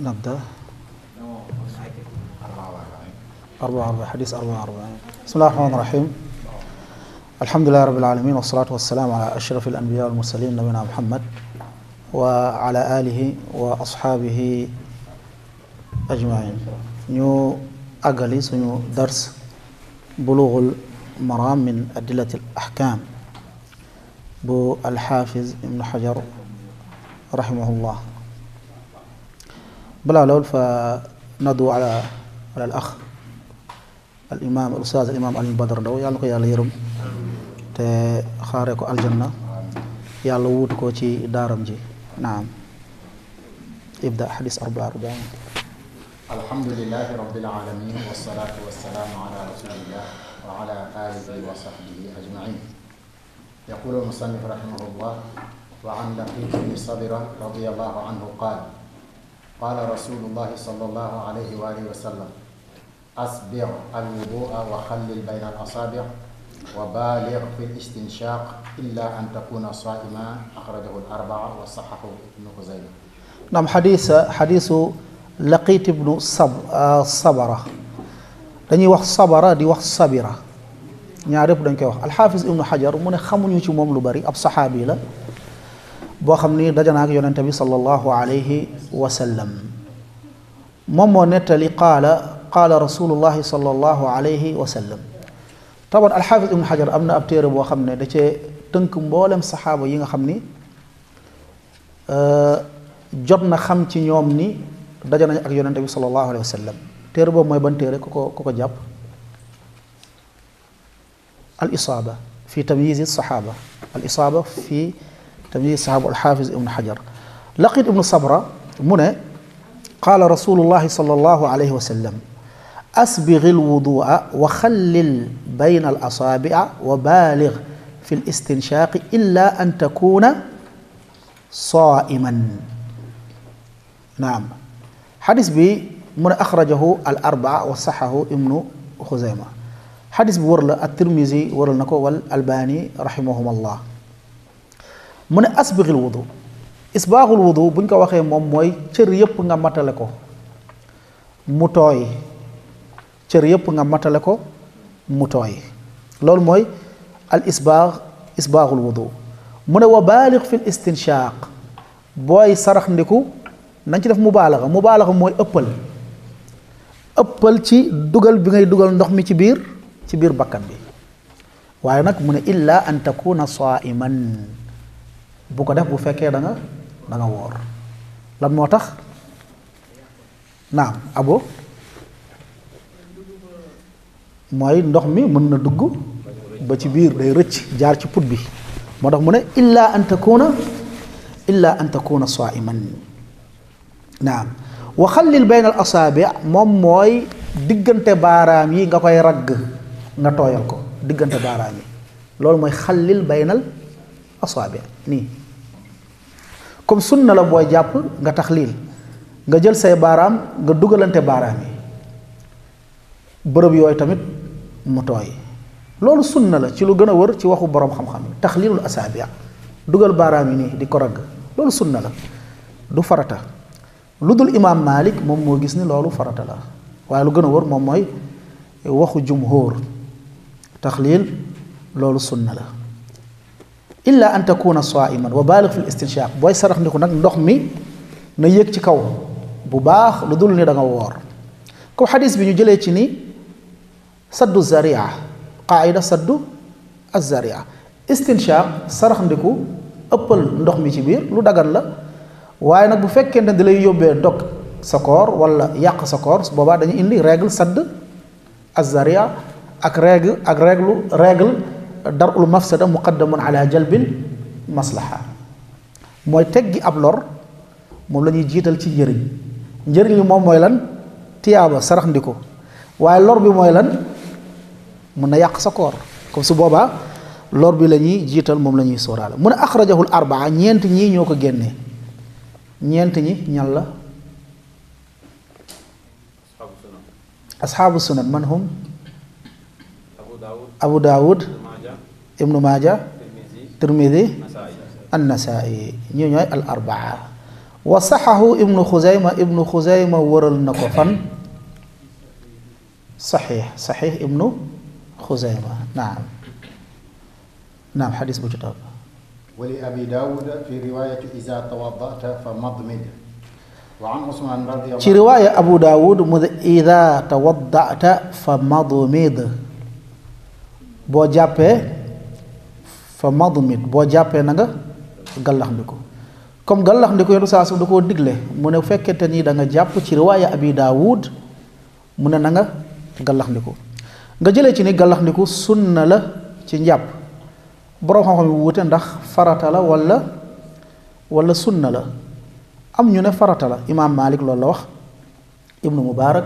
نبدأ أربعة أربعة حديث أربعة أربعة بسم الله الرحمن الرحيم الحمد لله رب العالمين والصلاة والسلام على أشرف الأنبياء والمرسلين نبينا محمد وعلى آله وأصحابه أجمعين نيو أقلي سنو درس بلوغ المرام من أدلة الأحكام بو الحافظ ابن حجر رحمه الله بلا لول فندو على على الأخ الإمام الأستاذ الإمام علي بدر دو يالله ko yàlla yërëm te xaare يالله aljanna yàlla wuutu ko ci ابدأ حديث 44 الحمد لله رب العالمين والصلاة والسلام على رسول الله وعلى آله وصحبه أجمعين يقول المصنف رحمه الله وعن لقيط بن صبرة رضي الله عنه قال قال رسول الله صلى الله عليه وآله وسلم أصبغ الوضوء وخلل بين الأصابع وبالغ في الاستنشاق إلا أن تكون صائما أخرجه الأربعة وصححه ابن خزيمة نعم حديث حديث لقيت بن آه، صبرة dañuy وقت صبره دي وقت صبره. ñaar yëpp dañ koy wax alxaafis ibnu xajar mu ne xamuñu ci moom lu bari ab saxaabi la boo xam ni dajana ak yonente bi sallallahu alayhi wa sallam moom moo nettali qaala qaala rasulullahi sallallahu alayhi wa sallam taban alxaafis ibnu xajar am na ab téere boo xam ne da cee mboolem saxaaba yi nga xam ni euh, jot na xam ci ñoom ni dajana ak yonente bi sallallahu alayhi wa sallam téere mooy ban téere ko ku ko jàpp الإصابة في تمييز الصحابة الإصابة في تمييز الصحابة والحافظ ابن حجر لقد ابن صبرة منى قال رسول الله صلى الله عليه وسلم أسبغ الوضوء وخلل بين الأصابع وبالغ في الاستنشاق إلا أن تكون صائما نعم حديث بي من أخرجه الأربعة وصحه ابن خزيمة xadis بورل wër la ak tirmisi wëral na ko wal albani rahimahumullah mu ne asbixil wudu isbaaxul wudu buñ ko waxee moom mooy cër yépp nga matale ko mu tooy cër yépp nga matale mu tooy loolu mooy al isbaax isbaaxul wudu mu ne wa baalix fil istinshaq booy sarax ndiku nañ ci def mubaalaxa mubaalaxa mooy ëppal ëppal ci dugal bi ngay dugal ndox mi ci biir ci biir bakkan bi waaye nag mu ne illa an takuna saaiman bu ko def bu fekkee danga danga da woor lan moo tax naam abo mooy ndox mi mën na dugg ba ci biir day rëcc jaar ci put bi moo tax mu ne illa an takuna illa an takuna saaiman naam wa xallil bayna asaabi moom mooy diggante baaraam yi nga koy ragg nga toyal ko digënté baaraam yi loolu mooy xallil baynal aswabe ni comme sunna la boy japp nga taxliil nga jël say baram nga dugalante baaraam yi bërëb yooyu tamit mu toy lool sunna la ci lu gëna wër ci waxu borom xam-xam taxliilul asabi dugal baaraam yi ni di ko rag lool sunna la du farata ludul Imam malik mom mo gis ni loolu farata la waye lu gëna wër mom moy waxu jumhur taxliil loolu sunna la illa an takuna saiman wa baalig fi istinshaq booy sarax nag ndox mi na yéeg ci kaw bu baax lu dul ni da nga woor ko xadis bi ñu jëlee ci nii saddu zaria qaida saddu azzaria istinshaq sarax ndiku ëppal ndox mi ci biir lu dagan la waaye nag bu fekkee ne da lay yóbbee dog sa koor wala yàq sa koor boobaa dañu indi règle sadd azzaria ak règle ak regl règle darul mafsada muqaddamun ala jalbil maslaha mooy teggi ab lor moom la ñuy jiital ci njëriñ njëriñ li moom mooy lan tiyaaba saraxndiko waaye lor bi mooy lan mun na yàq sa koor comme su boobaa lor bi la ñuy jiital moom la ñuy sóoraale mu ne axrajahul arbaa ñeent ñii ñoo ko génnee ñeent ñi ñan la ashaabu sunan man hum أبو داود ابن ماجه ترمذي النسائي ñu ñooy al arbaa wa saxahu ibnu xuzayma ibnu xuzayma صحيح na ko fan نعم saxiix ibnu xuzayma naam ولأبي داود في رواية إذا توضأت فمضمد وعن عثمان رضي الله عنه في رواية أبو داود إذا توضأت فمضمد boo jàppee fa madmit boo jàppee na nga gallax comme gallax ndiku yentu saa su da koo digle mu ne fekkete nii danga jàpp ci riwaaya abi daawud mu ne nanga nga gallax nga jëlee ci ni gallax ndiku sunna la ci njàpp borom xam-xam yi wuute ndax farata la wala wala sunna la am ñu ne farata la imaam malik loolu la wax ibnu mubaarak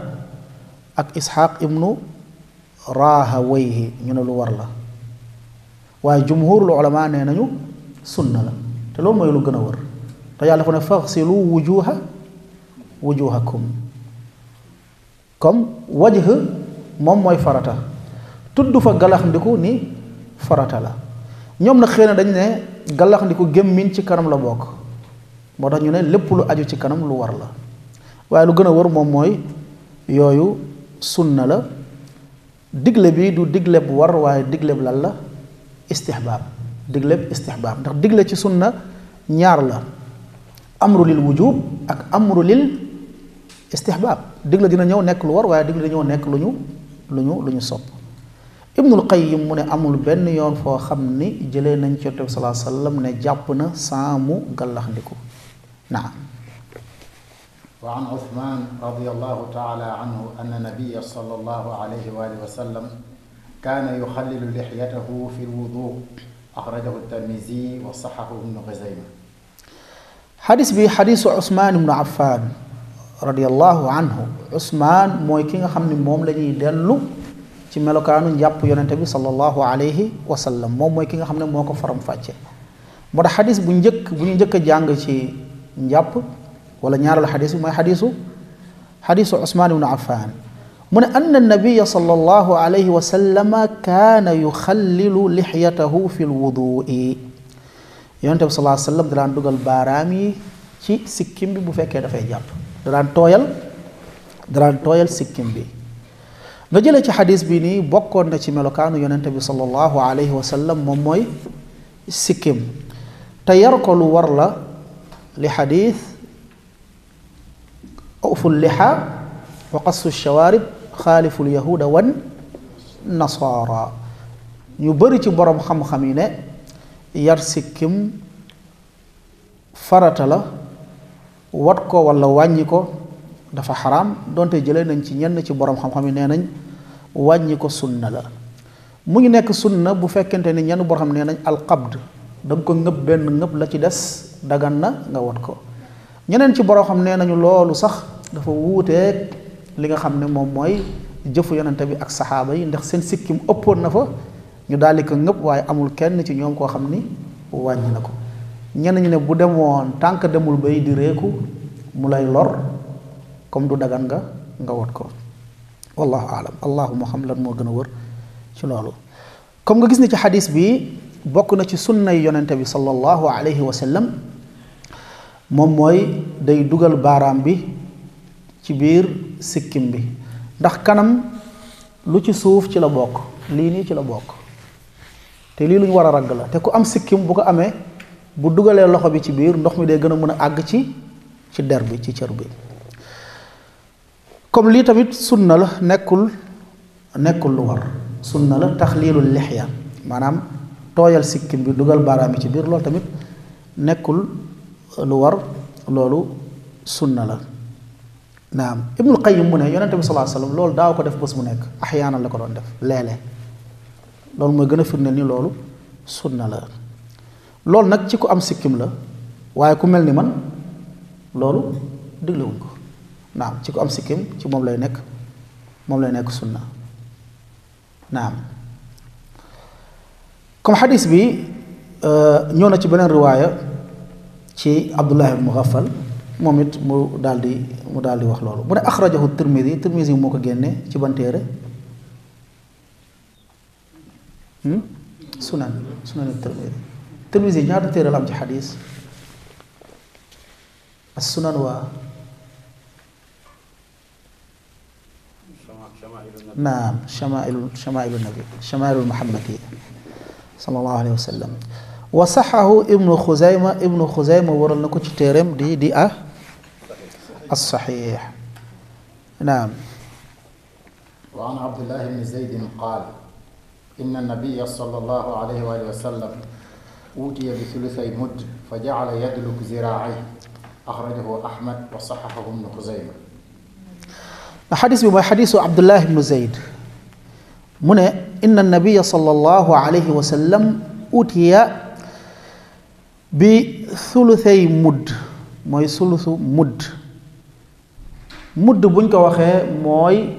ak isxaq ibnu raahawayhi ñu ne lu war la waaye jumhurul ulama nee nañu sunna la te loolu mooy lu gën a wër te yàlla dafa ne faxsilu wujuha wujuhakum comme wajh moom mooy farata tudd fa galaxndiku ni farata la ñoom na xëy na dañ ne galaxndiku gémmiñ ci kanam la bokk moo tax ñu ne lépp lu aju ci kanam lu war la waaye lu gën a wër moom mooy yooyu sunna la digle bi du digle bu war waaye digle bu lan la istihbaab digle bu istihbaab ndax digle ci sunna ñaar la amru lil wujub ak amru lil istihbaab digle dina ñëw nekk lu war waaye digle dina ñëw nekk lu ñu lu ñu lu ñu sopp ibnul qayyim mu ne amul benn yoon foo xam ni jëlee nañ ci yonent bi salaa sallam ne jàpp na sans mu gàllaxndiku naam وعن عثمان رضي الله تعالى عنه أن النبي صلى الله عليه وآله وسلم bi xadisu Ousmane mooy ki nga xam ne moom la dellu ci melokaanu njàpp yonente bi sallallahu alayhi mooy ki nga xam ne moo ko faram fàcce moo tax xadis bu njëkk bu ñu njëkk a jàng ci njàpp ولا نيار الحديث ما حديثه حديث عثمان بن عفان من أن النبي صلى الله عليه وسلم كان يخلل لحيته في الوضوء يعني صلى الله عليه وسلم دران دوغل بارامي شي سكيم بي بوفيكي دفعي جاب دران تويل دران تويل سكيم بي نجل اتش حديث بيني بكر نتش ملوكانو يعني صلى الله عليه وسلم مموي سكيم تيركو الورلا لحديث xuuful lixa wa qassu xaaliful yahuda wan nasaara ñu bari ci boroom xam-xam yi ne yar sikkim farata la wat ko walla wàññi ko dafa xaraam donte jëlee nañ ci ñenn ci boroom xam-xam yi nee nañ wàññi ko sunna la mu ngi nekk sunna bu fekkente ni ñenn boroom xam nee nañ alqabd da nga ko ngëb benn ngëb la ci des dagan na nga wat ko ñeneen ci boroom xam nee nañu loolu sax dafa wuuteeg li nga xam ne moom mooy jëfu yonente bi ak saxaaba yi ndax seen sikkim ëppoon na fa ñu daal di ko ngëpp waaye amul kenn ci ñoom koo xam ni wàññi na ko ñenn ñu ne bu demoon tànk demul bay di réeku mu lay lor comme du dagan nga nga wat ko wallahu alam allahuma xam lan moo gën a wër ci loolu comme nga gis ne ci xadis bi bokk na ci sunnay yonente bi sallallahu alayhi wa sallam moom mooy day dugal baaraam bi ci biir sikkim bi ndax kanam lu ci suuf ci la bokk lii nii ci la bokk te lii luñ war a ragg la te ku am sikkim bu ko amee bu dugalee loxo bi ci biir ndox mi day gën a mën a àgg ci ci der bi ci cër bi comme lii tamit sunna la nekkul nekkul lu war sunna la taxliilul maanaam tooyal sikkim bi dugal baaraam ci biir loolu tamit nekkul lu war loolu sunna la naam ibnul qayim mu ne yonente bi salaa sallam loolu daaw ko def bés bu nekk axyaanan la ko doon def léeg-léeg loolu mooy gën a firndeel ni loolu sunna la loolu nag ci ko am sikkim la waaye ku mel ni man loolu diglewuñ ko naam ci ko am sikkim ci moom lay nekk moom lay nekk sunna naam comme xadis bi euh, ñëw na ci beneen riwaaya ci abdullah ibn mughaffal moom it mu daal di wax loolu mu ne axrajahu tirmidi tirmidi moo ko génne ci ban téere hmm? sunan sunani tirmidi tirmidi ñaata téere la am ci xadis as sunan waa naam chamailu chamailu nabi chamailu muhammadi sallallahu alayhi wa sallam wa saxahu ibnu xuzayma ibnu xuzayma waral na ko ci téereem di di ah الصحيح نعم وعن عبد الله بن زيد قال إن النبي صلى الله عليه وآله وسلم أوتي بثلثي مد فجعل يدلك ذراعيه أخرجه أحمد وصححه ابن خزيمة الحديث بما حديث عبد الله بن زيد من إن النبي صلى الله عليه وسلم أوتي بثلثي مد ما يثلث مد mudd buñ ko waxee mooy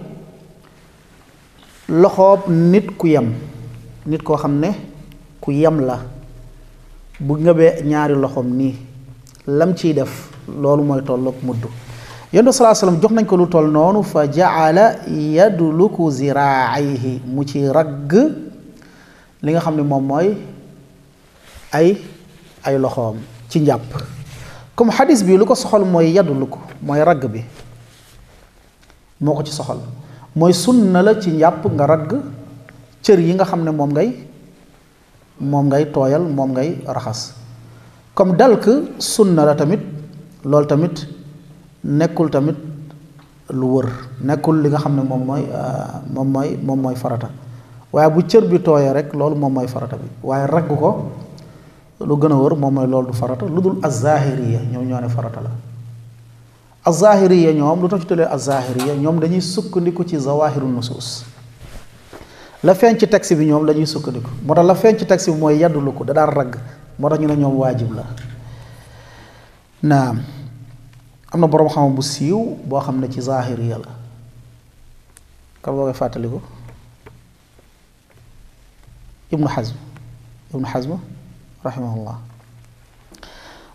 loxoob nit ku yem nit koo xam ne ku yem la bu ngëbee ñaari loxoom nii lam ciy def loolu mooy tolloog mudd yonent sallallahu alayhi wasallam jox nañ ko lu toll noonu fa jaala yadluku ziraayihi mu ci ragg li nga xam ne moom mooy ay ay loxoom ci njàpp comme xadis bi lu ko soxal mooy yadluku mooy ragg bi moo ko ci soxal mooy sunna la ci njàpp nga ragg cër yi nga xam ne moom ngay moom ngay tooyal moom ngay raxas comme dalk sunna la tamit loolu tamit nekkul tamit lu wër nekkul li nga xam ne moom mooy euh, moom mooy moom mooy farata waaye bu cër bi tooyee rek loolu moom mooy farata bi waaye ragg ko lu gën a wër moom mooy loolu du farata lu dul azahiriya ñoo ñoo ne farata la azahiriya ñoom lu tax ñu tuddee azahiriya ñoom dañuy sukkandiku ci zawahiru nusuus la feeñ ci taxi bi ñoom dañuy sukkandiku moo tax la feeñ ci taxi bi mooy yaddulu ko da daan ragg moo tax ñu ne ñoom waajib la naam am na boroom xam bu siiw boo xam ne ci zahiriya la kan boo koy fàttaliku ibnu xasm ibnu xasm rahimahullah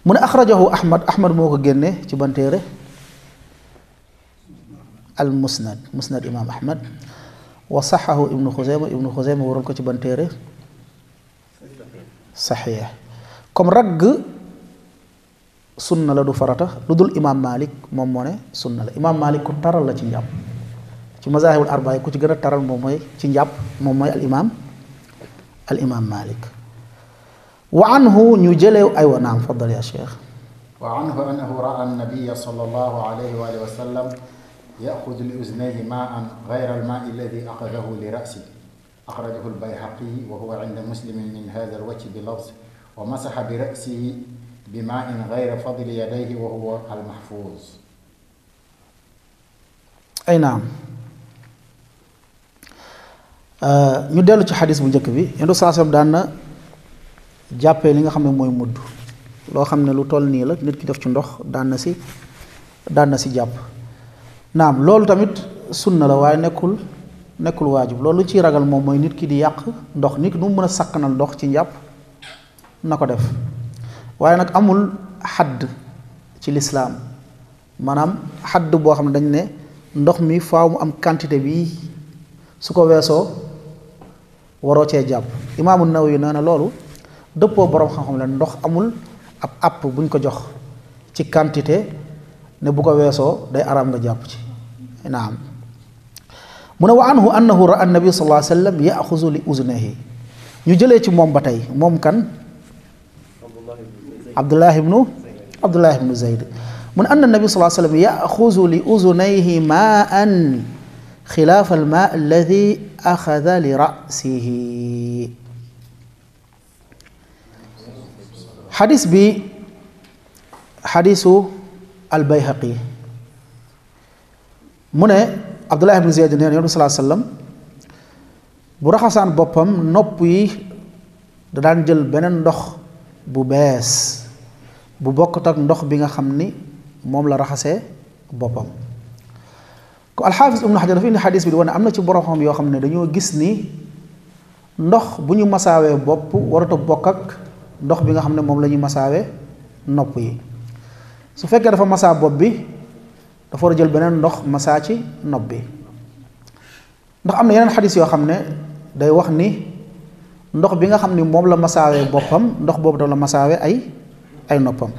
mu ne axrajahu ahmad ahmad moo ko génne ci bantéere المسند مسند إمام أحمد وصحه ابن خزيمة ابن خزيمة ورلكو تي بنتيري صحيح كم رغ سنة لدو فراتا لدو الإمام مالك مموني سنة الإمام مالك كو ترى الله تنجاب تي مزاهب الأربعة كو تي ترى الموموي تنجاب موموي الإمام الإمام مالك وعنه نجلي أيوة نعم فضل يا شيخ وعنه أنه رأى النبي صلى الله عليه وآله وسلم يأخذ الأذنين ماء غير الماء الذي أخذه لرأسه أخرجه البيهقي وهو عند مسلم من هذا الوجه بلفظ ومسح برأسه بماء غير فضل يديه وهو المحفوظ أي نعم ñu dellu ci xadis bu njëkk bi yendu saasam daan na jàppee li nga xam ne mooy mudd loo xam ne lu toll nii la nit ki def ci ndox daan na si daan na si jàpp naam loolu tamit sunna la waaye nekkul nekkul waajib loolu ciy ragal moom mooy nit kii di yàq ndox nit nu mu mën a sakkanal ndox ci njàpp na ko def waaye nag amul xadd ci lislaam maanaam xadd boo xam ne dañ ne ndox mi faaw mu am quantité bii su ko weesoo waroo cee jàpp imaamu yi nee na loolu dëppoo boroom xam-xam ndox amul ab àpp buñ ko jox ci quantité ne bu ko weesoo day araam nga jàpp ci نعم من عنه انه راى النبي صلى الله عليه وسلم ياخذ لاذنه ني جيلي سي موم عبد الله بن عبد الله بن زيد من ان النبي صلى الله عليه وسلم ياخذ لأذنه ماء خلاف الماء الذي اخذ لراسه حديث بي حديث البيهقي mu ne Abdullah ibn Zayd nee bi sallallahu alayhi wasallam bu raxasaan boppam nopp yi da daan jël beneen ndox bu bees bu bokkut ak ndox bi nga xam ni moom la raxasee boppam ko alxaafis ibnu xajar dafa indi xadis bi di wane am na ci borom yoo xam ne dañoo gis ni ndox bu ñu masaawee bopp waratu bokk ak ndox bi nga xam ne moom lañuy ñuy masaawee nopp yi su fekkee dafa masaa bopp bi dafa jël benen ndox massa ci nobbi ndax amna yenen hadith yo xamne day wax ni ndox bi nga xam mom la massawé bopam ndox boobu dafa la massawé ay ay nopam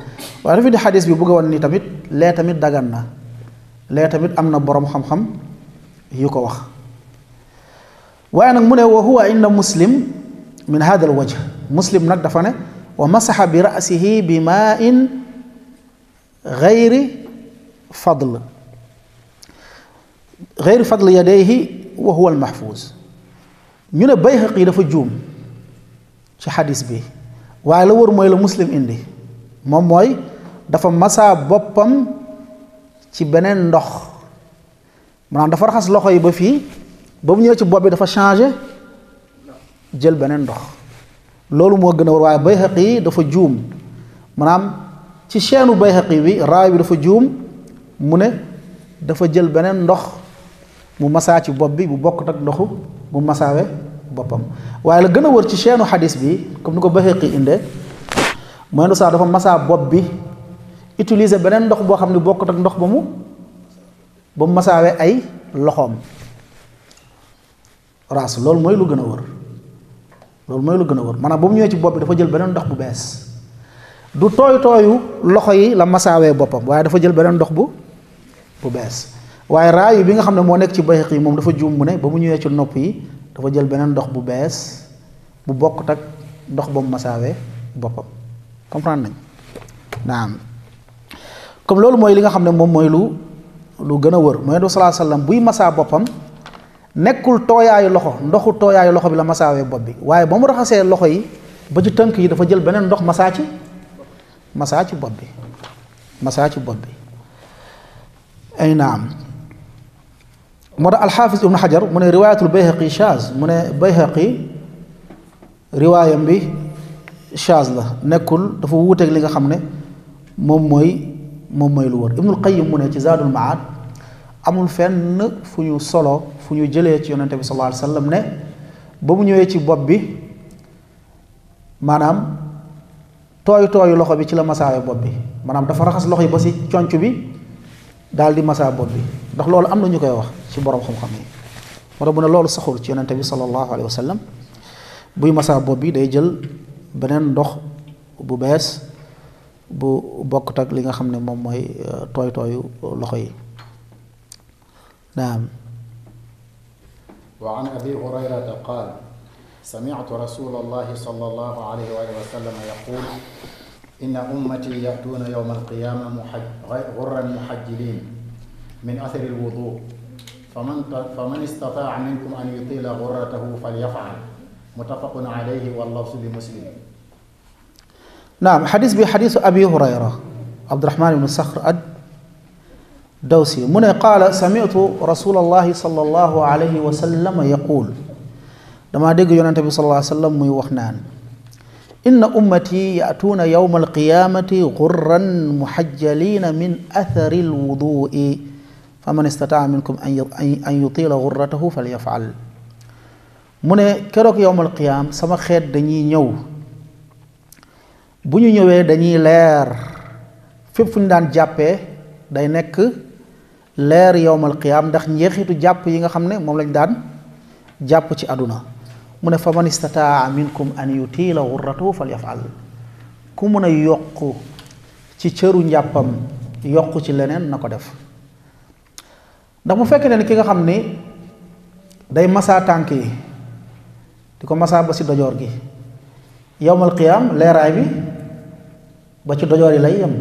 wa rafi di hadith bi bëgg woon ni tamit lé tamit dagan na lee tamit amna borom xam-xam yu ko wax waaye nak mune wa huwa inna muslim min hada al wajh muslim nak dafa ne wa masaxa bi rasihi bi maa فضل غير فضل يديه وهو المحفوظ ñu ne bayhaqi dafa juum ci xadis bi waaye la wër mooy la muslim indi moom mooy dafa masaa boppam ci beneen ndox maanaam dafa raxas loxo yi ba fii ba mu ñëwee ci bopp bi dafa changé jël beneen ndox loolu moo gën a war waaye bayhaqi dafa juum maanaam ci chaîne bayhaqi bi raay bi dafa juum mu ne dafa jël beneen ndox mu masaa ci bopp bi bu bokkut ak ndoxu bu masaawe boppam waaye la gën a wër ci chaîne xadis bi comme ni ko Bayhaqi inde mooy saa dafa masaa bopp bi utiliser beneen ndox boo xam ne bokkut ak ndox ba mu ba mu masaawee ay loxoom raas loolu mooy lu gën a wër loolu mooy lu gën a wër maanaam ba mu ñëwee ci bopp bi dafa jël beneen ndox bu bees du tooy tooyu loxo yi la masaawee boppam waaye dafa jël beneen ndox bu bu bes waye raayu bi nga xamne mo nek ci bayxi mom dafa juum mu ne ba mu ñewé ci nopp dafa jël benen ndox bu bes bu bok tak ndox bu masawé bopam comprendre nañ naam comme lolu moy li nga xamne mom moy lu lu gëna wër moy do sallallahu alayhi wasallam buy massa bopam nekul toyaay loxo ndoxu toyaay loxo bi la bop bi waye ba mu loxo yi ba ci tank yi dafa jël benen ndox massa ci massa ci bop bi massa ci bop bi أي نعم مر الحافظ ابن حجر من رواية البيهقي شاز من البيهقي رواية به شاز له نكل دفو وتك لغا خمنا مموي مموي الور ابن القيم من اتزاد المعاد أمون فن فنيو صلو فنيو جلية يونا النبي صلى الله عليه وسلم نه بمنيو يتي بوبي مانام توي توي لخو بي تلا مسايا بوبي مانام دفرخص لخو بسي تشانچو بي daal di masaa bopp bi ndax loolu am na ñu koy wax ci boroom xam-xam yi moo tax mu ne loolu saxul ci yonente bi sallallahu alayhi wa sallam buy masaa bopp bi day jël beneen ndox bu bees bu bokkut ak li nga xam ne moom mooy euh, tooy tooyu loxo yi naam wa an abi hurayrata qaal sami'tu rasulallahi sallallahu alayhi wa sallam yaqul إن أمتي يأتون يوم القيامة غرا محجلين من أثر الوضوء فمن فمن استطاع منكم أن يطيل غرته فليفعل متفق عليه واللفظ لمسلم نعم حديث بحديث أبي هريرة عبد الرحمن بن صخر الدوسي من قال سمعت رسول الله صلى الله عليه وسلم يقول لما دق يونان النبي صلى الله عليه وسلم ويوخنان inna ummati yaatuuna yowma alqiyamati gurran muhajjalina min athari alwudui faman istataa minkum an yutila gurratahu falyafal mu ne keroog yowmal qiyaam sama xeet dañuy ñëw bu ñu ñëwee dañuy leer fépp fu ñu daan jàppee day nekk leer yowmal qiyaam ndax njeexitu jàpp yi nga xam ne moom lañ daan jàpp ci àdduna mu ne fa man istataa minkum an yutiila xurratahu falyafal ku mën a yokk ci cëru njàppam yokk ci leneen na ko def ndax mu fekk ne ki nga xam ni day masaa tànk yi di ko masaa ba ci dojoor gi yowmal qiyaam leeraay bi ba ci dojoor yi lay yem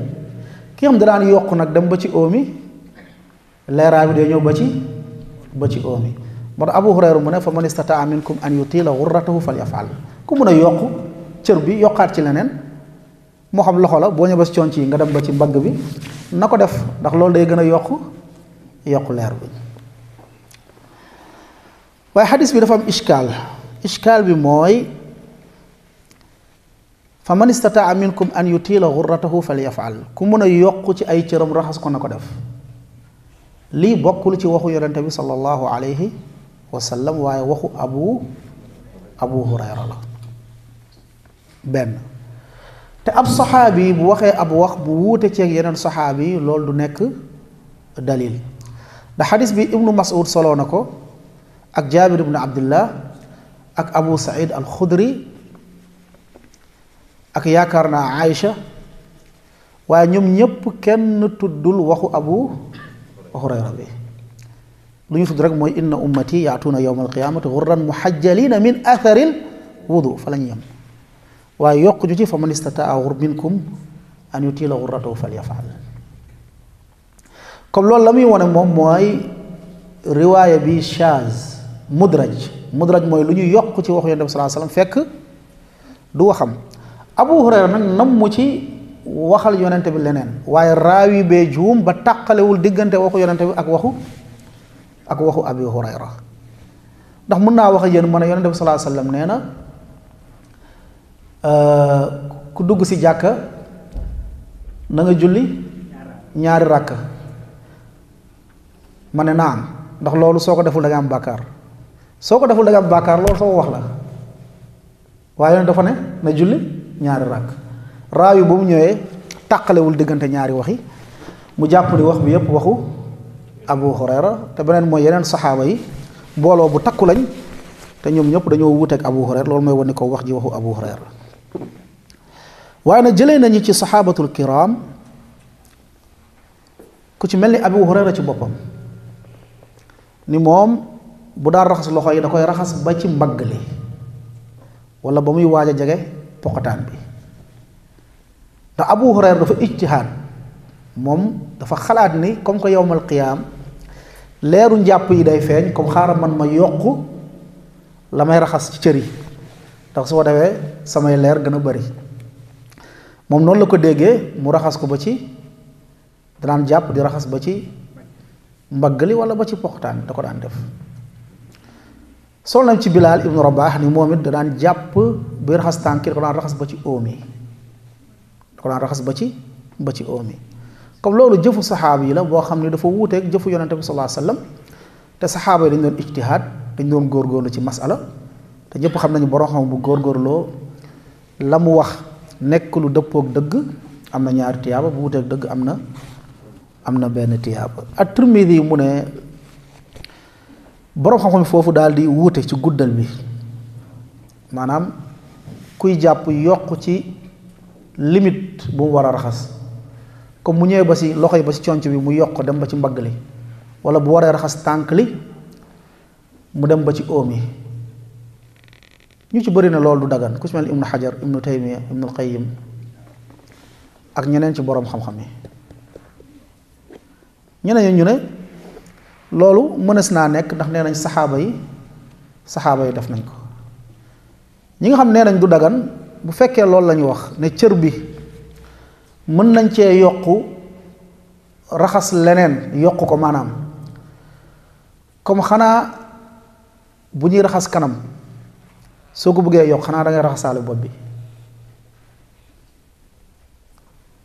ki xam da daan yokk nag dem ba ci óomi leeraay bi day ñëw ba ci ba ci óomi moo tax abu hurayra mu ne fa man istataa minkum an yutila xurratahu fal yafal ku mun a yokk cër bi yokkaat ci leneen moo xam loxo la boo ñëbas coonc yi nga dem ba ci mbagg bi na ko def ndax loolu day gën a yokk yokk leer bi dafa am ishkaal ishkaal bi mooy fa man istataa minkum an yutila xurratahu fal yafal ku mun a yokk ci ay cëram raxas ko na ko def lii bokkul ci waxu yonente bi sallallahu alayhi wasallam waaye waxu abu abu hurayra la benn te ab saxaabi bu waxee ab wax bu wuute ceeg yeneen saxaabi yi loolu du nekk dalil ndax xadis bi ibnu mas'ud soloo na ko ak jaabir ibnu abdillah ak abu said al ak yaakaar naa aïcha waaye ñoom ñépp kenn tuddul waxu abu hurayra bi lu ñu tudd rek mooy inna ummati yaatuuna yowma alqiyamati xurran muhajjalina min atharil wudu fa la ñu yem waaye yokk ju ci fa man istataa minkum an yutila xurratahu falyafaal comme loolu la muy wane moom mooy riwaaya bi chaz mudraj mudraj mooy lu ñu yokk ci waxu yonent bi salaa sallam fekk du waxam abu hurayra nag namm ci waxal yonente bi leneen waaye raawi bee juum ba tàqalewul diggante waxu yonente bi ak waxu ak waxu abi hurayra ndax mën naa wax ak yéen ma ne yonente def salaa sallam nee na euh, ku dugg si jàkka na nga julli ñaari ràkk ma ne naam ndax loolu soo ko deful da am bàkkaar soo ko deful da nga am bàkkaar loolu soo ko wax la waaye yonente dafa ne na julli ñaari ràkk raayu ba mu ñëwee tàqalewul diggante ñaari waxi mu jàpp ni wax bi yépp waxu Abu Hurairah, te benen moy yenen sahaba yi bolo bu takku lañ te ñom ñep dañoo wutek Abu hurairah lool moy wane ko wax ji waxu Abu hurairah waaye nag jëlee nañu ci sahabatul kiram ku ci melni Abu Hurairah ci bopam ni mom bu da raxas loxo yi da koy raxas ba ci mbagali wala ba muy waja jage pokatan bi Da Abu hurairah dafa ijtihaad mom, dafa xalaat ni comme ko yowmal qiyam leeru njàpp yi day feeñ comme xaaral man ma yokk la may raxas ci cër yi ndax su ko defee samay leer gën a bari moom noonu la ko déggee mu raxas ko ba ci danaan jàpp di raxas ba ci mbagg li wala ba ci poxtaan da ko daan def sol nañ ci Bilaal ibnu Rabaax ni moom it da daan jàpp buy raxas tànk yi da ko daan raxas ba ci óom yi da ko daan raxas ba ci ba ci óom yi comme loolu jëfu saxaaba yi la boo xam ne dafa wuuteeg jëfu yonente bi sallallahu alayhi wasallam te saxaaba yi dañ doon ijtihaad dañ doon góorgóorlu ci masala te ñëpp xam nañu borom xam bu góorloo la mu wax nekk lu dëppoog dëgg am na ñaari tiyaaba bu wuteeg dëgg am na am na benn tiyaaba at Tirmidi mu ne borom xam-xam foofu daal di wuute ci guddal bi maanaam kuy jàpp yokk ci limite bu mu war a raxas comme mu ñëwee ba si loxo yi ba si conc bi mu yokk dem ba ci mbagg li wala bu waree raxas tànk li mu dem ba ci oom yi ñu ci bëri na loolu du dagan ku ci mel ibnu xajar ibnu taymiya ibnu qayyim ak ñeneen ci boroom xam-xam yi ñeneen ñu ne loolu mënees naa nekk ndax nee nañ saxaaba yi saxaaba yi def nañ ko ñi nga xam nee nañ du dagan bu fekkee loolu la wax ne cër bi mën nañ cee yokku raxas leneen yokku ko maanaam comme xanaa bu raxas kanam soo ko bëggee yokk xanaa da ngay raxasaale bopp bi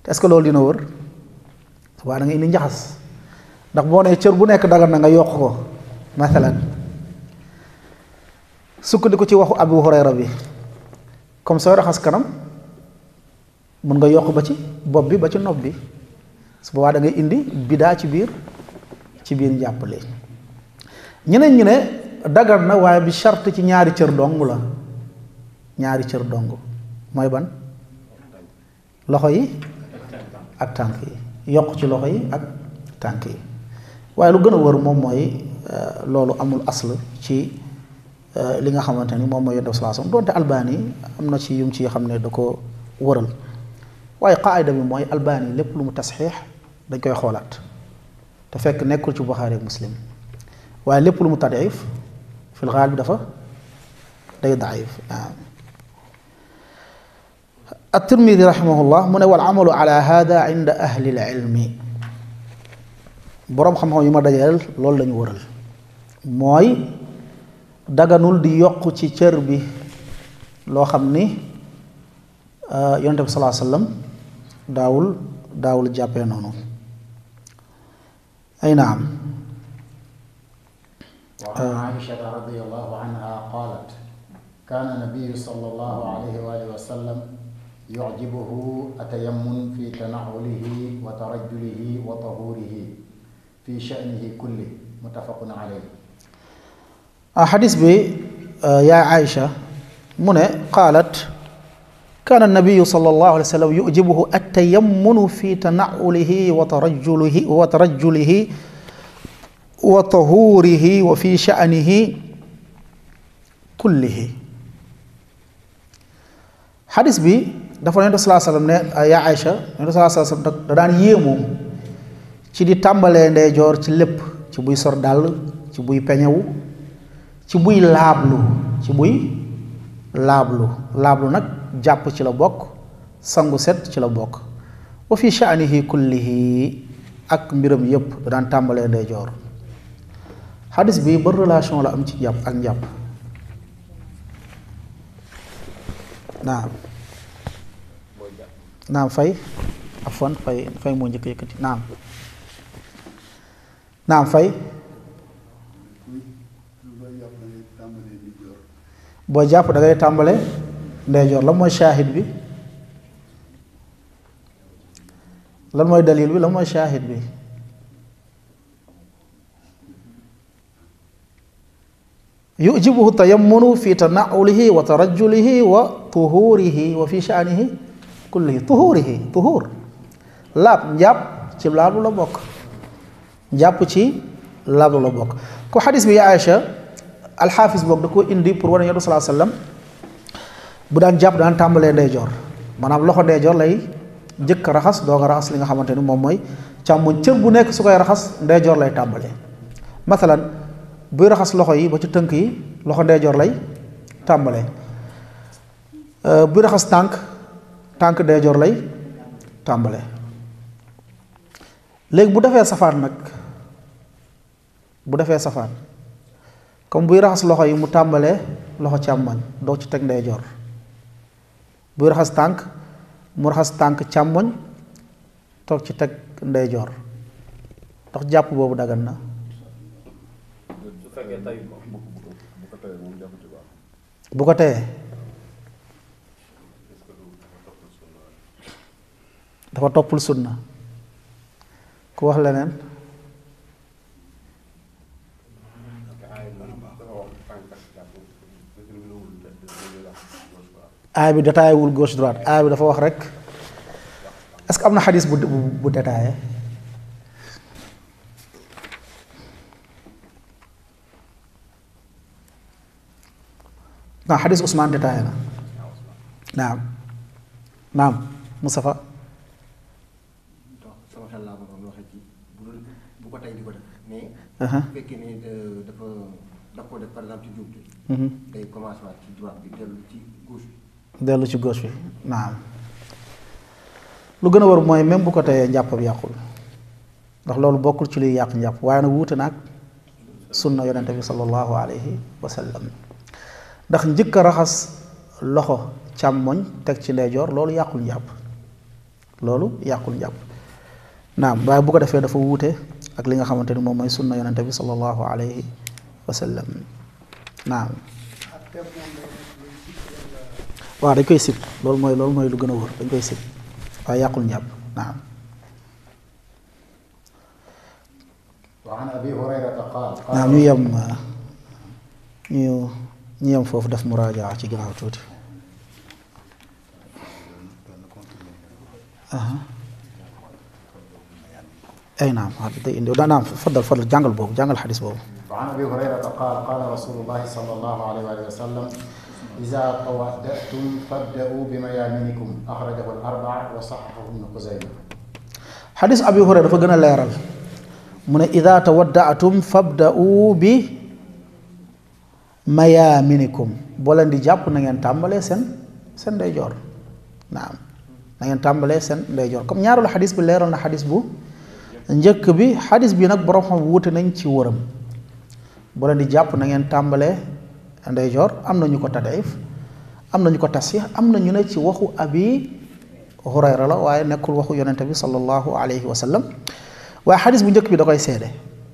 est ce que loolu dina wër waa da ngay indi njaxas ndax boo nee cër bu nekk dagan na nga yokk ko mathalan ci waxu abu hurayra bi comme sooy raxas kanam mën nga yokk ba ci bopp bi ba ci nopp bi su boobaa da ngay indi bida ci biir ci biir njàppale ñeneen ñu ne dagar na waaye bi charte ci ñaari cër dong la ñaari cër dong mooy ban loxo yi ak tànk yi yokk ci loxo yi ak tànk yi waaye lu gën wër moom mooy eh, loolu amul asl ci eh, li nga xamante ni moom mooy yonte salaasam donte albani am na ci yum ci xam ne da waaye qaayda bi mooy albaani lépp lu mu tasxiix dañ koy xoolaat te fekk nekkul ci buxaari ak muslim waaye lépp lu mu tadif fil xaal bi dafa day daif at-Tirmidi raximahullah mu ne wal amalu ala boroom xam yu ma dajeel loolu lañu wëral mooy daganul di yokk ci cër bi loo xam ni euh, yonent bi salaa sallam داول داول jàppee noonu ay naam وعن آه. عائشة رضي الله عنها قالت كان النبي صلى الله عليه وآله وسلم يعجبه التيمم في تنعله وترجله وطهوره في شأنه كله متفق عليه آه، حديث بي آه، يا عائشة من قالت كان النبي صلى الله عليه وسلم يعجبه التيمن في تنعله وترجله وترجله وطهوره وفي شأنه كله حديث بي dafa yonte salaa sallam ne ya aïcha yonte salaa sallam da daan yéemu ci di tàmbalee ndeyjoor ci lépp ci buy sor dàll ci buy japp ci la bok sangu set ci la bok wa fi sha'nihi kullihi ak mbiram yépp daan tambale ndey jor hadis bi ba relation la am ci japp ak japp naam naam fay afon fay fay mo njëkk yëkkati naam naam fay bo japp da ngay tambalé ndeyjoor lan mooy shaahid bi lan mooy dalil bi lan mooy shaahid bi yujibuhu tayammunu fi tanaulihi wa tarajjulihi wa tuhurihi wa fi sha'nihi kullihi tuhurihi tuhur laab njàpp ci laabu la bokk njàpp ci laabu la bokk ko xadis bi ya Aïcha alxaafis boog da indi pour wane yonent sallallahu alayhi wa bu daan jàpp daan tàmbalee ndeyjoor maanaam loxo ndeyjoor lay njëkk raxas doog a raxas li nga xamante ni moom mooy càmmoñ cër bu nekk su koy raxas ndeyjoor lay tàmbalee masalan buy raxas loxo yi ba ci tënk yi loxo ndeyjoor lay tàmbalee euh, buy raxas tànk tànk ndeyjoor lay tàmbalee léegi bu defee safaan nag bu defee safaan comme buy raxas loxo yi mu tàmbalee loxo càmmoñ doo ci teg ndeyjoor buy raxas tànk mu raxas tànk càmmoñ toog ci teg ndeyjoor ndax jàpp boobu dagan na bu ko teyee dafa toppul na ku wax leneen aay bi détaillé gauche droite aay bi dafa wax rek est que am na xadis bu bu détaillé non xadis Ousmane détaillé naam naam Moustapha dellu ci gos bi naam lu gën a war mooy même bu ko teyee njàppam yàqul ndax loolu bokkul ci luy yàq njàpp waaye nag wuute nag sunna yonente bi sallallahu alayhi wa ndax njëkk a raxas loxo càmmoñ teg ci ndeyjoor loolu yàqul njàpp loolu yàqul njàpp naam waaye bu ko defee dafa wuute ak li nga xamante ni moom mooy sunna yonente bi sallallahu alayhi wa naam waa dañ koy sil loolu mooy lool mooy lu gën a wóor dañ koy sil waaye yàqul njàpp naam naam ñu yem ah, ñu ñu yem foofu def muraajaa ci ginnaaw tuuti اي نعم نعم تفضل تفضل جانجل بوب جانجل الحديث بوب وعن ابي هريره قال قال رسول الله صلى الله عليه وسلم إذا تودأتم فابدأوا بميامنكم أخرجه الأربعة وصححه ابن خزيمة حديث أبي هريرة فقنا لا يرى من إذا تودأتم فابدأوا ب mayaminikum boo leen di jàpp na ngeen tàmbalee sen seen ndeyjoor naam na ngeen comme bi leeral na xadis bu njëkk bi hadis bi nak borom xam wuute nañ ci wëram boo leen ndeyjoor jor amna ñu ko tadaif am na ñu ko ñu ne ci waxu abi hurayra la waye nekul waxu yonente bi salallahu alayhi wa sallam wa hadith bu ñeek bi da koy sédé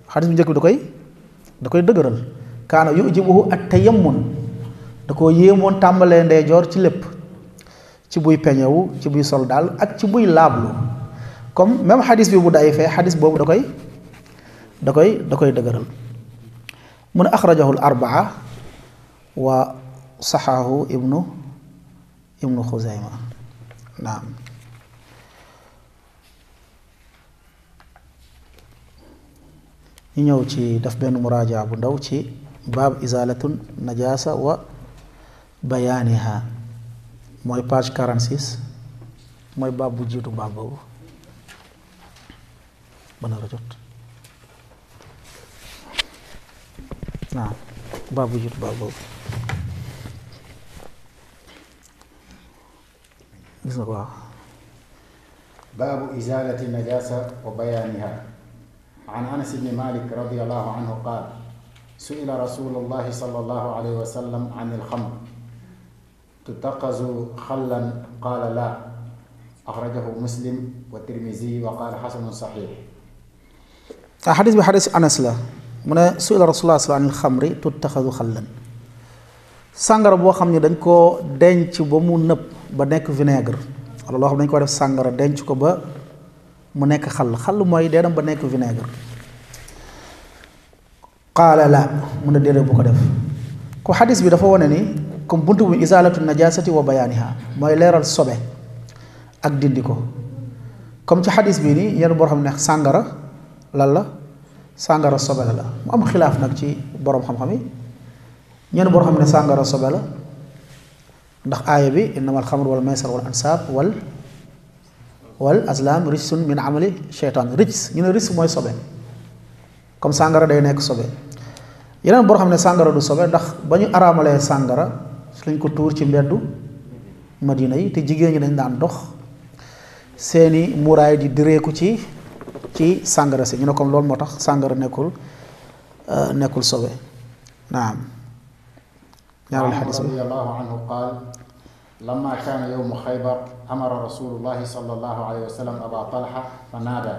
hadith bu ñeek bi da koy da koy dëgëral yu yujibuhu at tayammun da yemon tambale ndey jor ci lepp ci buy peñew ci buy sol dal ak ci buy lablu comme même hadith bi bu dayifee hadith bobu da koy da koy da koy deugural mun akhrajahu al arbaa wa saxaahu ibnu ibnu xuzayma naam ñu ñëw ci daf benn muraaja bu ndaw ci baab izaalatun najaasa wa bayaaniha mooy page 46 mooy baab bu jiitu baab boobu mën a rajot naam baab bu jiitu baab boobu الله باب إزالة النجاسة وبيانها عن أنس بن مالك رضي الله عنه قال سئل رسول الله صلى الله عليه وسلم عن الخمر تتقز خلا قال لا أخرجه مسلم والترمذي وقال حسن صحيح الحديث بحديث أنس لا من سئل رسول الله صلى الله عليه وسلم عن الخمر تتخذ خلا سانغر بو خامني دنجكو دنج بو مو نب ba nekk vinaigre wala loo xam dañ ko def sàngara denc ko ba mu nekk xall xall mooy dee dem ba nekk vinaigre kaala la mun a déedéet bu ko def ko xadis bi dafa wane ni comme buntu bu isalatu najasati wa bayaaniha mooy leeral sobe ak dindi ko comme ci xadis bii nii yenn boo xam ne sàngara lan la sàngara sobe la la mu am xilaaf nag ci boroom xam-xam yi ñenn boo xam ne sàngara sobe la ndax aaya bi innama alxamr wal maysar wal ansaab wal wal azlam rijsun min amali sheytaan rijs ñu ne rijs mooy sobe comme sàngara day nekk sobe yeneen boo xam ne sàngara du sobe ndax ba ñu araamalee sàngara su lañ ko tuur ci mbeddu madina yi te jigéen ñi dañ daan dox seeni muuraay di direeku ci ci sàngara si ñu ne comme loolu moo tax sàngara nekkul euh, nekkul sobe naam يا رب الحديث رضي الله عنه قال لما كان يوم خيبر امر رسول الله صلى الله عليه وسلم ابا طلحه فنادى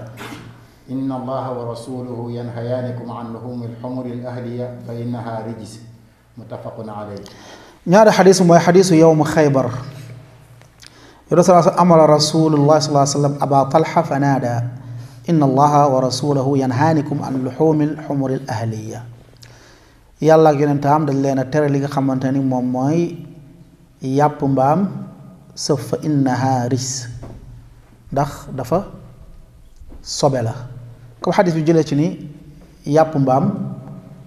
ان الله ورسوله ينهيانكم عن لحوم الحمر الاهليه فانها رجس متفق عليه. نار حديث ما حديث يوم خيبر. يرسل امر رسول الله صلى الله عليه وسلم ابا طلحه فنادى ان الله ورسوله ينهانكم عن لحوم الحمر الاهليه. yalla ak yonentaam dañ leena téré tere li nga xamanteni mom moy yap mbam mbaam sëf ndax dafa sobe la comme hadith bi jele ci ni yap mbam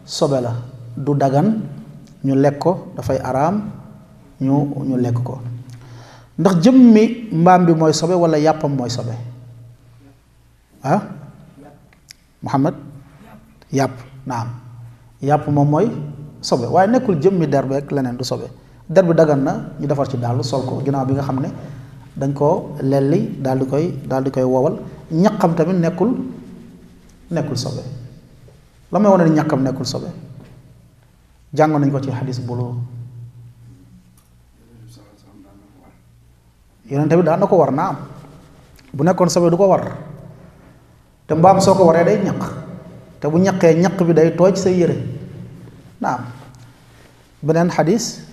sobe la du dagan ñu lek ko fay aram ñu ñu lek ko ndax jëmmi mbam bi moy sobe wala yap moy sobe ah Muhammad yap naam yàpp moom mooy sobe waaye nekkul jëmmi der bi ak leneen du sobe der bi dagan na ñu defar ci dàll sol ko ginnaaw bi nga xam ne dañ koo lelli daal di koy daal di koy wowal ñaqam tamit nekkul nekkul sobe la may wane nekkul sobe jàngoon nañ ko ci xadis yeneen tamit daan ko war naa am bu nekkoon sobe du ko war te mbaam soo ko waree day ñaq te bu ñaqee ñaq bi day tooj say yére Nah, beneen hadis.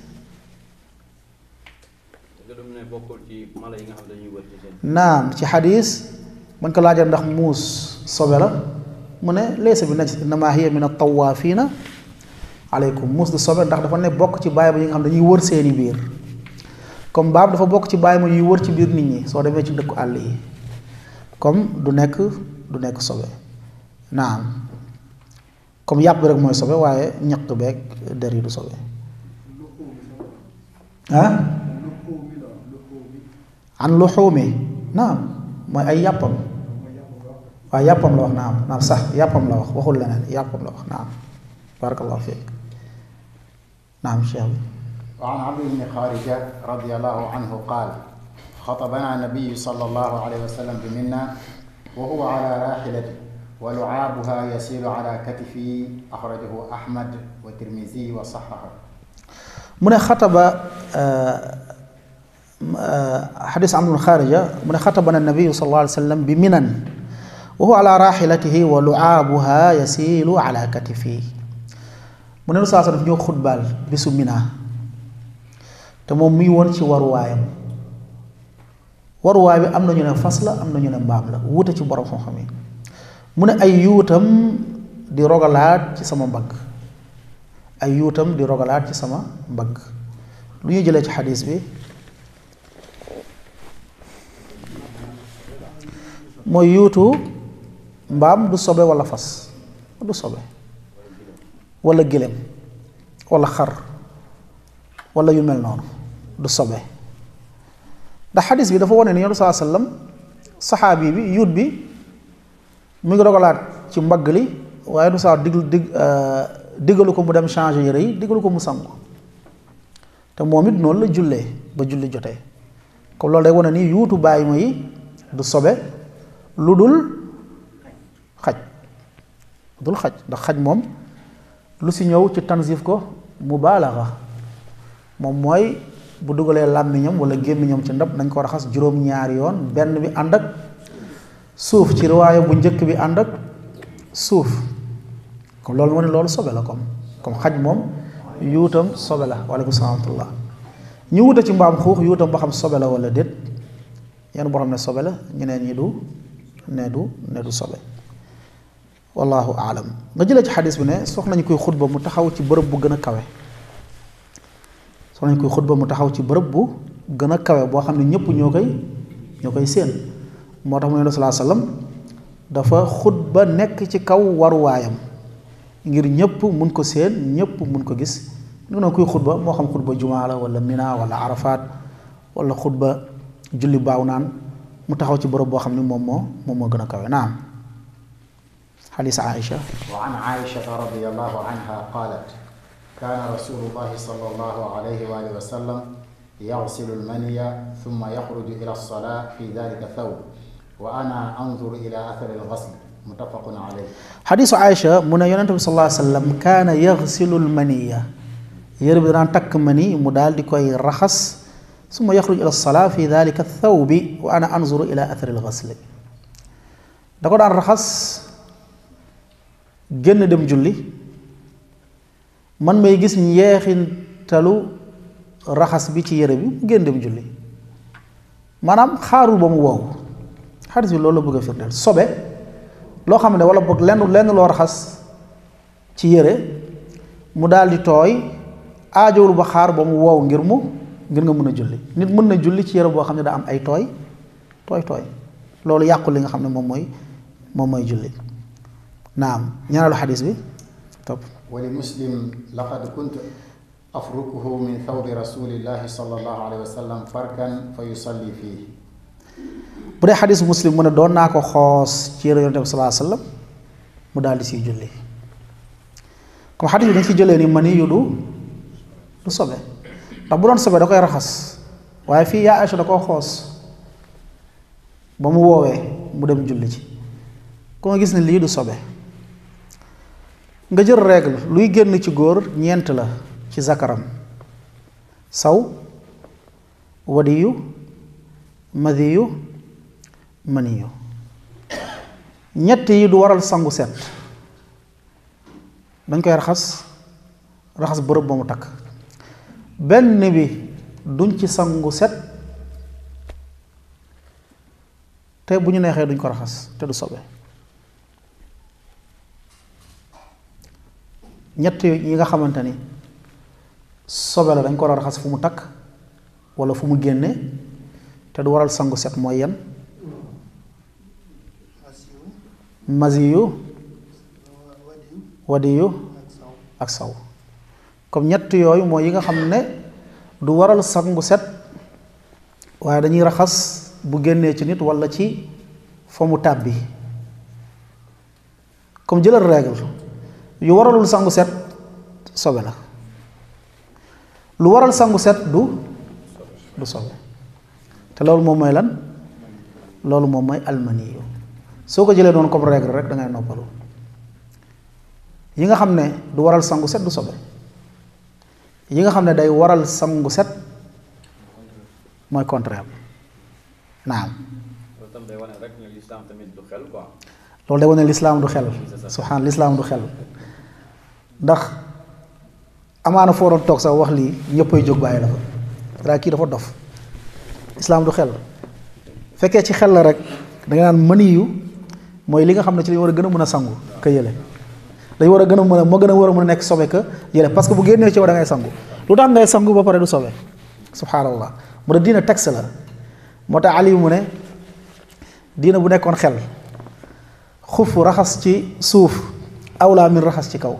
Nah, ci hadis bañ ko Mus ndax mana sobe la mu ne laysa bi najis hiya min attawaafina alaykum mus du sobe ndax dafa ne bok ci bàyyi ba yi nga xam dañuy wër seeni biir comme baab dafa bokk ci bàyyi ma ñuy wër ci biir nit ñi soo demee ci dëkku àll comme du du sobe naam comme yàpp rek mooy sobe waaye ñaq beeg der yi du sobe ah an luxuumi naam mooy ay yàppam waaw yàppam la wax naam naam sax yàppam la wax waxul leneen yàppam la wax naam barakallahu fiik naam cheikh bi وعن عمرو بن خارجة رضي الله عنه قال خطبنا النبي صلى الله عليه وسلم بمنا وهو على راحلته ولعابها يسير على كتفي أخرجه أحمد والترمذي وصححه من خطب آه، آه، حديث عمرو الخارجة من خطبنا النبي صلى الله عليه وسلم بمنن وهو على راحلته ولعابها يسيل على كتفي من صلى الله عليه وسلم يو خطبال بسو منا تمام ميوان شي ورواي ورواي أمنا ينا فصل أمنا ينا بابل ووتا شي mu ne ay yuutam di rogalaat ci sama mbag ay yuutam di rogalaat ci sama mbag lu ñuy jëlee ci xadiis bi mooy yuutu mbaam du sobe walla fas du sobe walla gëléem walla xar walla yu mel noonu du sobe ndax xadis bi dafa wane ni yoonu saa sallam saxaabi bi yuut bi mi ngi dogalaat ci mbagg li waaye du saa diglu dig euh, digalu ko mu dem changer yére yi digalu ko mu sangu te moom it noonu la jullee ba julli jotee ko loolu day wone nii yuutu bàyyi ma yi du sobe lu dul xaj lu dul xaj ndax xaj moom lu si ñëw ci tanzif ko mu baalaxa moom mooy bu dugalee làmmiñam wala gémmiñam ci ndab nañ ko raxas juróom-ñaari yoon benn bi ànd ak suuf ci riwaaya bu njëkk bi ànd ak suuf comme loolu moo ne loolu sobe la comme comme xaj moom yuutam sobe la waaleykum salaam wa rahmatullah ci mbaam xuux yuutam ba xam sobe wala déet yenn borom xam ne sobe la ñeneen ñi du ne du ne du sobe wallahu aalam nga jëlee ci xadis bi ne soxla nañu koy xutba mu taxaw ci bërëb bu gën a kawe soxla nañu koy xutba mu taxaw ci bërëb bu gën a kawe boo xam ne ñëpp ñoo koy ñoo koy séen motax muhammad sallallahu alayhi wasallam dafa khutba nek ci kaw waruwaayam ngir ñëpp mën ko seen ñëpp mën ko gis ñu ne kuy xutba moo xam khutba jumaa wala mina wala arafat wala khutba julli baaw naan mu taxaw ci bërëb bo xamni mom mo mom mo gëna kawe naam حديث عائشة وعن عائشة رضي الله عنها قالت كان رسول الله صلى الله عليه وآله وسلم يغسل المنية ثم يخرج إلى الصلاة في ذلك ثوب وأنا أنظر إلى أثر الغسل متفق عليه حديث عائشة من يونتم صلى الله عليه وسلم كان يغسل المنية يرب دان تك مني مدال دي رخص ثم يخرج إلى الصلاة في ذلك الثوب وأنا أنظر إلى أثر الغسل دكو دان رخص génn دم جولي من ماي غيس نيهين تالو رخص بي تي يربي mu دم جولي مانام maanaam بامو واو xadis bi loolu la bëgg a firndeel sobe loo xam ne wala boog lenn lenn loo raxas ci yére mu daal tooy aajowul ba xaar ba mu wow ngir mu ngir nga mën a julli nit mën na julli ci yére boo xam ne daa am ay tooy tooy tooy loolu yàqul li nga xam ne moom mooy moom mooy julli naam ñaareelu xadis bi topp wali muslim laqad kuntu afrukuhu min thawbi rasulillahi sallallahu alayhi wa sallam farkan fa yusalli fihi bu dee xadis muslim mu ne doon naa ko xoos ci yére yonent bi sallallahu mu daal di siy julli comme xadis jëlee ni mani yu du sobe bu doon sobe da koy raxas waaye fii yaa Aïcha da koo xoos ba mu woowee mu dem julli ci ku gis ne lii du sobe nga jël règle luy génn ci góor ñeent la ci zakaram saw wadiyu madiyu maniyo ñett yi du waral sangu set dañ koy raxas raxas bërëb ba mu takk bi duñ ci sangu set té buñu nexé duñ ko raxas té du sobé ñett yi nga xamantani sobé la dañ ko raxas fu mu wala fu mu génne du waral sangu set moy masiyu wadiyu ak saw comme ñett yooyu mooy yi nga xam ne du waral sangu set waaye dañuy raxas bu génnee ci nit walla ci fa mu tàbbi comme jëlal règle yu waralul sangu set sobe la lu waral sangu set du du sobe te loolu moom mooy lan loolu moom mooy almaniyu soo ko jëlee doon comme règle rek da ngay noppalu yi nga xam ne du waral sangu set du sobe yi nga xam ne day waral sangu set mooy contraire naam. loolu day wane lislaam du xel subhaan lislaam du xel ndax amaana foo doon toog sax wax lii ñëppay jóg bàyyi la fa daa kii dafa dof lislaam du xel fekkee ci xel la rek danga naan mëniyu mooy li nga xam ne ci lañ war a gën a mën a sangu ka yële dañ war a gën a mën a moo gën a war a mën a nekk sobe ka yële parce que bu génnee ci yow da ngay sangu lu tax ngay sangu ba pare du sobe subhaanallah mu ne diina texte la moo tax ali mu ne diina bu nekkoon xel xufu raxas ci suuf awla min raxas ci kaw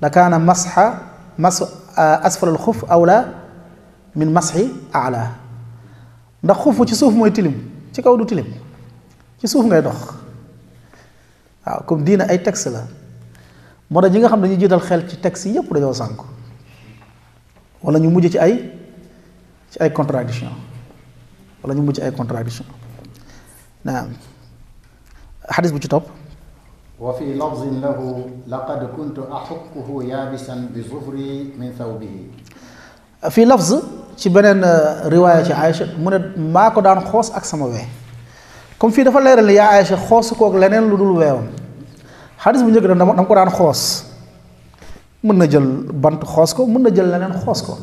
dakaana masxa mas euh, asfalal xuf awla min masxi ala ndax xufu ci suuf mooy tilim ci kaw du tilim ci suuf ngay dox waaw comme diine ay texte la moo tax ñi nga xam ne dañuy jiital xel ci texte yépp dañoo sànku wala ñu mujj ci ay ci ay contradiction wala ñu mujj ci ay contradiction naam xadis bu ci topp wa fi lafzin lahu laqad kuntu axukkuhu yaabisan bi zufri min thawbihi fi lafz ci beneen euh, riwaaya ci Aïcha mu ne maa ko daan xoos ak sama we comme fii dafa leeral ne yaa Aïcha xoos kook leneen lu dul weewam xadis bu njëkk da dama ko daan xoos mën na jël bant xoos ko mën na jël leneen xoos ko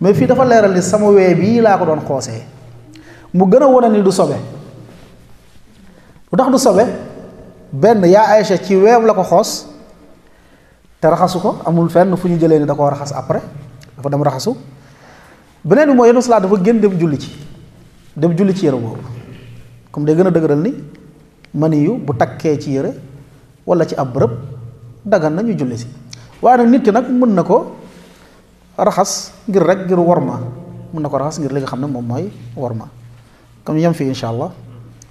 mais fii dafa leeral ni sama wee bii laa ko doon xoosee mu gën a wane ni du sobe lu tax du sobe benn yaa Aïcha ci weew la ko xoos te raxasu ko amul fenn fu ñu jëlee ni da koo raxas après dafa dem raxasu beneen bi mooy yenn salaat dafa gën dem julli ci dem julli ci yére boobu comme day gëna a dëgëral ni yu bu takké ci yëre wala ci ab bërëb dagan nañu ñu julli si waaye nit ki nag mën nako ko raxas ngir rek ngir warma mën nako ko raxas ngir li nga xamne mom moy warma worma comme yem fii insha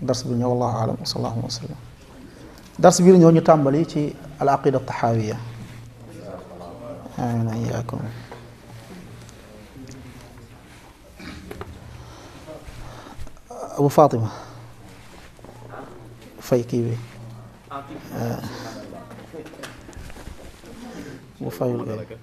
dars bi ñëw wallahu alam sallallahu alaihi wasallam dars bi ñoo ñu tambali ci al aqidat tahawiyya amin iyaakum أبو فاطمة فيكيبي وفايل